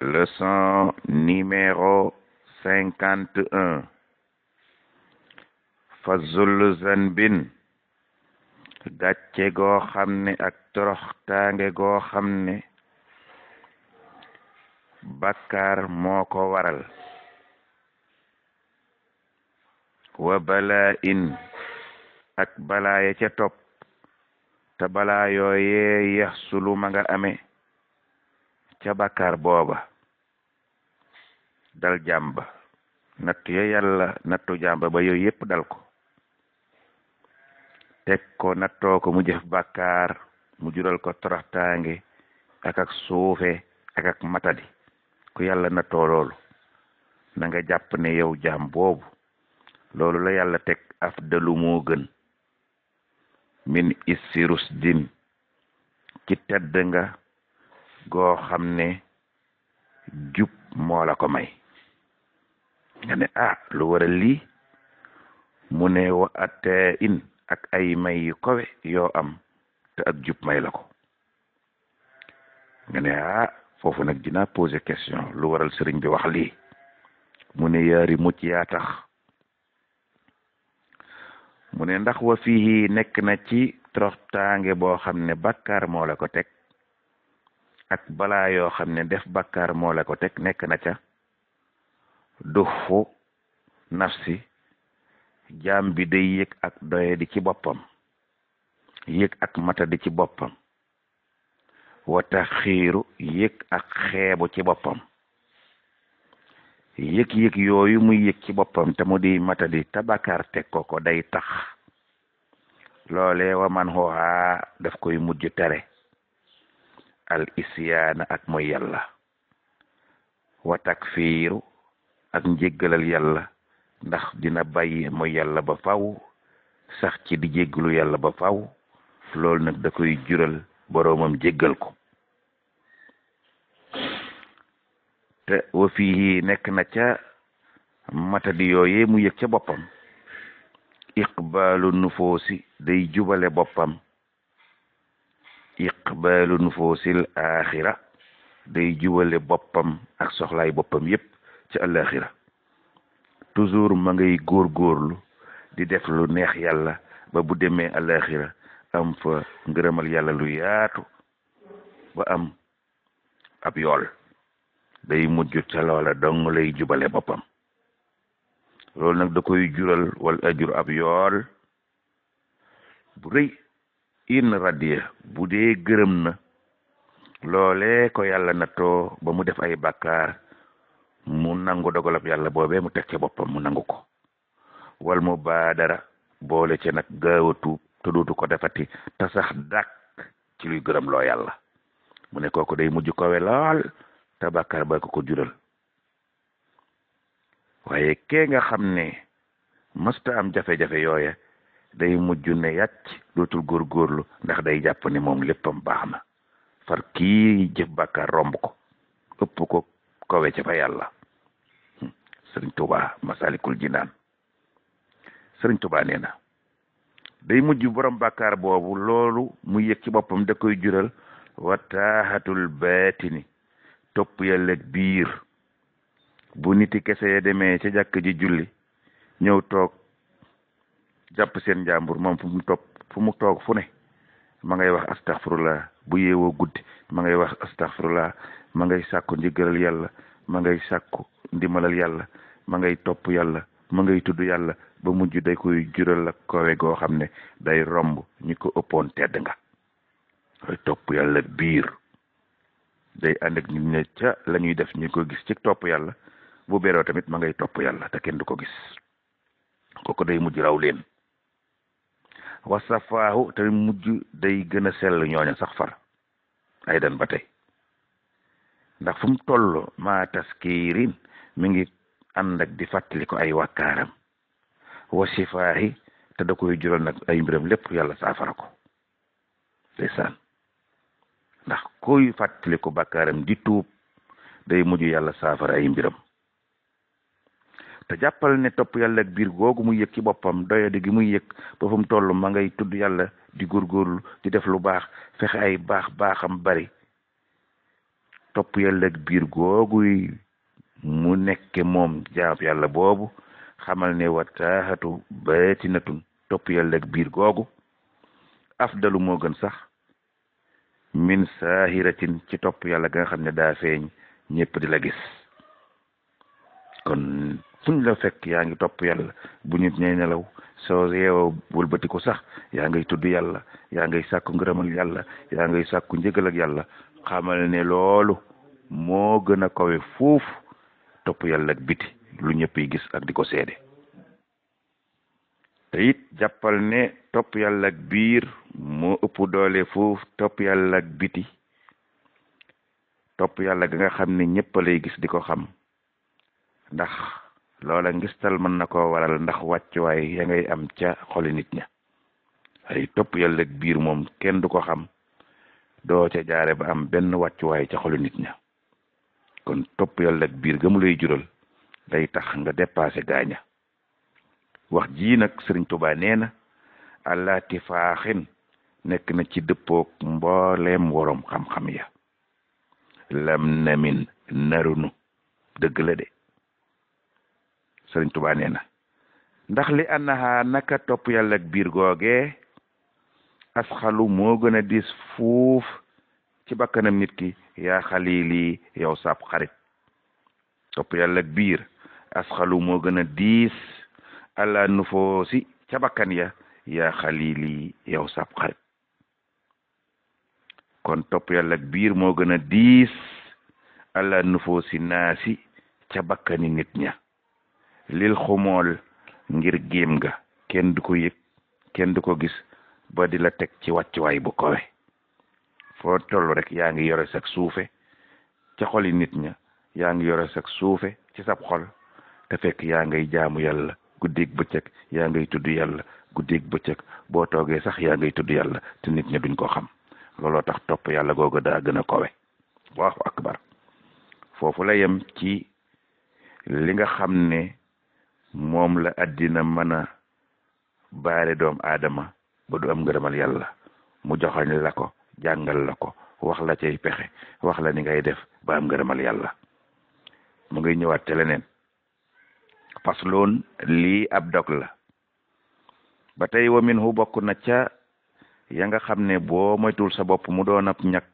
Leçon numéro cinquante un fazul zanbin gàcce goo xam ne ak toroxtaange goo xam ne bakkaar moo waral wa balaa in ak balaa ya ca topp te balaa yooyee yax sulu ma nga ca bàkkaar booba dal jàmba nattu ya yàlla nattu jàmba ba yooyu yépp dal ko teg ko nattoo ko mu jëf bàkkaar mu jural ko toroxtaange akak suufe ak ak matadi ku yàlla nattoo loolu na nga jàpp ne yow jaam boobu loolu la yàlla teg afdalu moo gën min isirus din ci tedd goo xam ne jub moo ko may nga ne ah, lu waral lii mu ne wa in ak ay may yu kowe yoo am te ak jub may la ko nga ne ah foofu nag dinaa poser question lu waral sëriñ bi wax lii mu ne yaari mucc yaa tax mu ne ndax wa fii nekk na ci toroxtaange boo xam ne bàkkaar moo la ko teg ak balaa yoo xam ne def bàkkaar moo la ko teg nekk na ca duxu nafsi jaam bi day yëg ak doye ci boppam yëg ak mata di ci boppam wata xiiru yëg ak xeebu ci boppam yëg-yëg yooyu mu yëg ci boppam te mu di mata di tabakaar teg ko ko day tax loole wa man xooxaa daf koy mujj tere al isyaana ak mooy yalla wa takfiiru ak njéggalal yàlla ndax dina bàyyi mooy yàlla ba faw sax ci di jéggalu yàlla ba faw loolu nag da koy jural boroomam jéggal ko te wa fii nekk na ca matadi yooyee mu yëg ca boppam iqbaalu nufoosi day jubale boppam iqbaalu nufoosil aaxira day jubale boppam ak soxlaay boppam yépp ci àllaaxira toujours ma ngay góorgóorlu di def lu neex yàlla ba bu demee àllaaxira am fa ngërëmal yàlla lu yaatu ba am ab yool day mujj ca loola dong lay jubale boppam loolu nag da koy jural wala ajur ab yool bu rëy in radiya bu dee gërëm na loole ko yàlla na nattoo ba mu def ay bàkkaar mu nangu dogalab yàlla boobee mu teg ca boppam mu nangu ko wal mu baadara boole ci nag gaaw tuub te dootu ko defati te sax dàkk ci luy gërëm loo yàlla mu ne kooku day mujj kowe lool te bàkkaar ba ko ko jural waaye kee nga xam ne mësta am jafe-jafe yooya day mujj ne yàcc dootul góorlu ndax day jàpp ni moom léppam baax na far kii jëf romb ko ëpp ko kawe ca fa yàlla hmm. sëriñ Tuubaa Masalikul Jinaan sëriñ Tuubaa nee day mujj borom bàkkaar boobu loolu mu yëg ci boppam da koy jural wataaxatul baatini topp yàlla biir bu niti kese demee ca jàkk ji julli ñëw toog jàpp seen njàmbur moom fu mu topp fu mu toog fu ne ma ngay wax astaghfirullah bu yeewoo guddi ma ngay wax astaghfirullah ma ngay sàkku njëggalal yàlla ma ngay sàkku ndimbalal yàlla ma ngay topp yàlla ma ngay tudd yàlla ba mujj day koy jural ak goo xam ne day romb ñi ko ëppoon tedd nga koy topp yàlla biir day ànd ak nit ñi ca la ñuy def ñu ko gis ci topp yàlla bu beroo tamit ma ngay topp yàlla te kenn du ko gis kooku day mujj raw leen wasafaahu te mujj day gën a sell ñooña sax far ay dan ba tey ndax fu mu toll maa taskirin mi ngi ànd di fàttali ko ay wakkaaram wasifaahi te da koy jural nag ay mbiram lépp yàlla saafara ko ndeysaan ndax koy fàttali ko di tuub day mujj yàlla saafara ay mbiram te jàppal ne topp yàlla biir googu mu yëg ci boppam doyadi gi muy yëg ba fu mu toll ma ngay tudd yàlla di góorgóorlu di def lu baax fexe ay baax baaxam bari topp yàlla biir googu mu nekke moom jaab yàlla boobu xamal ne wataaxatu baatinatun topp yàlla biir googu afdalu moo gën sax min saahiratin ci topp yàlla ga nga xam ne daa feeñ ñëpp di la gis fu ñu la fekk yaa ngi topp yàlla bu nit ñay nelaw soo yeewoo sax yaa ngay tudd yàlla yaa ngay sàkku ngërëmal yàlla yaa ngay sàkku njëgal ak yàlla xamal ne loolu moo gën a kawe foofu topp yàlla ak biti lu ñëpp yi gis ak di ko seede te it jàppal ne topp yàlla ak biir moo ëpp doole foofu topp yàlla ak biti topp yàlla ga nga xam ne ñëpp lay gis di ko xam ndax loola ngistal mën na koo waral ndax wàccuwaay ya ngay am ca xoli nit ña ay topp yàlla biir moom kenn du ko xam doo ca jaare ba am benn wàccuwaay ca xoli nit ña kon topp yàlla biir ga mu lay jural day tax nga dépassé gaaña wax jii nag sëriñ Tuubaa nee na àllaati faaxin nekk na ci dëppook mbooleem woroom xam-xam ya lam namin narunu dëgg la de sëriñ Tuubaa na ndax li annaha naka topp yàlla ak biir googe asxalu moo gën a diis fuuf ci bakkanam nit ki yaa xalili yow sab xarit topp yàlla ak biir asxalu moo gën a diis ala nufoosi ca bakkan ya yaa xalili yow sab xarit kon topp yàlla biir moo gën a diis ala nufoosi naasi ca bakkani nit ña lil xumool ngir géem ga kenn du ko yëg kenn du ko gis ba di la teg ci wàccuwaay bu kowe foo toll rek yaa ngi yore sag suufe ca xoli nit ña yaa ngi yore sag suufe ci sab xol te fekk yaa ngay jaamu yàlla guddeeg bëccëg yaa ngay tudd yàlla guddeeg bëccëg boo toogee sax yaa ngay tudd yàlla te nit ña duñ ko xam looloo tax topp yàlla googu daa gën a kowe waaw akbar foofu la yem ci li nga xam ne moom la addina mana a doom aadama ba du am ngërëmal yàlla mu joxañ la ko jàngal la ko wax la cay pexe wax la ni ngay def ba am ngërëmal yàlla mu ngi ñëwaat te leneen fasloon lii ab dog la ba tey wa min bokk na ca ya nga xam ne boo moytul sa bopp mu doon ab ñag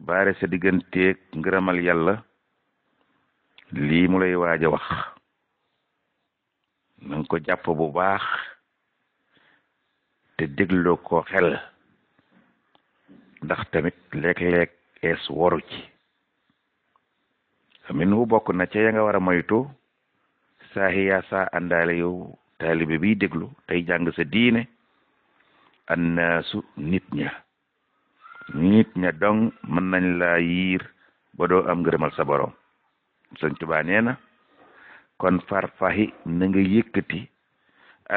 baare sa digganteeg ngërëmal yàlla lii mu lay waaj wax na nga ko jàpp bu baax te dégloo ko xel ndax tamit léeg-léeg ees waru amin wu bokk na ca ya nga war a moytu saaxiya saa àndaale yow taalibe bi déglu tey jàng sa diine annaasu nit ña nit ña dong mën nañ laa yiir ba doo am ngërëmal sa borom sëñ Tuubaa na kon farfahi na nga yëkkati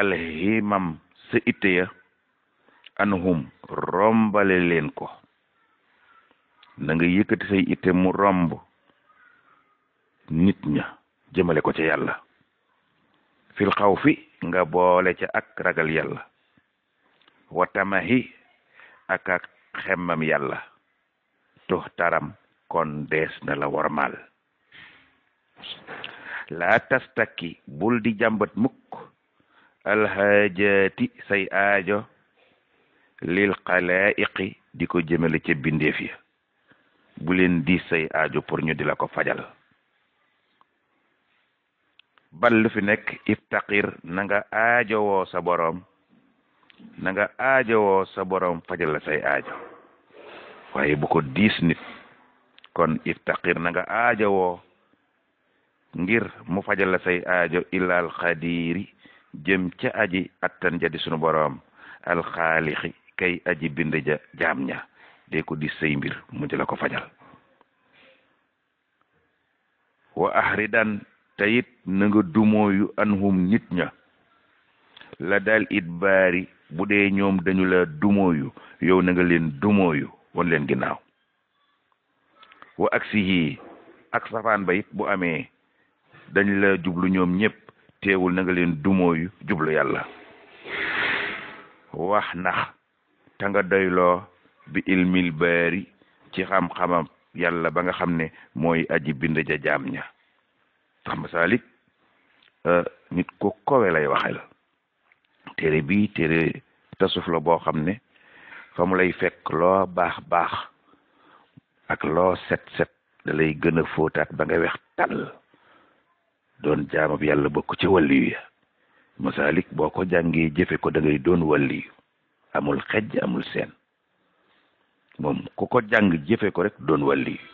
alhimam sa itte ya anhum rombale leen ko na nga yëkkati say itte mu romb nit ña jëmale ko ca yàlla fil xaw fi nga boole ca ak ragal yàlla watamahi ak ak xemmam yàlla tux taram kon dees na la warmaal laa tastakki bul di jàmbat mukk alxaajaati say aajo lil xalaayiqi di ko jëmale ca bindeef ya bu leen di say aajo pour ñu di la ko fajal bal lu fi nekk iftaqir na nga aajowoo sa boroom na nga aajowoo sa boroom fajal la say aajo waaye bu ko diis nit kon iftaqir na nga aajowoo ngir mu fajal la say aajo illa alxadiri jëm ca aji attan ja di sunu boroom alxaalixi kay aji bind ja jaam ña de ko di say mbir mu di la ko fajal wa ahridan tayit na nga dumooyu anhum nit ña la daal it baari bu dee ñoom dañu la dumooyu yow na leen dumooyu won leen ginnaaw wa aksihi ak safaan ba it bu amee dañ la jublu ñoom ñëpp teewul na nga leen dumooyu jublu yàlla wax nax te nga doyloo bi ilmil baari ci xam-xamam yàlla ba nga xam ne mooy aji bind ja jaam ña sax masaalik euh, nit ku kowe lay waxal téere bi téere tasuf la boo xam ne fa mu lay fekk loo baax baax ak loo set set da lay gën a fóotaat ba nga weex tàll doon jaamab yàlla bokk ci wàlliyu ya masaalik boo ko jàngee jëfe ko da ngay doon wàlliyu amul xejj amul seen moom ku ko jàng jëfe ko rek doon wàlliyu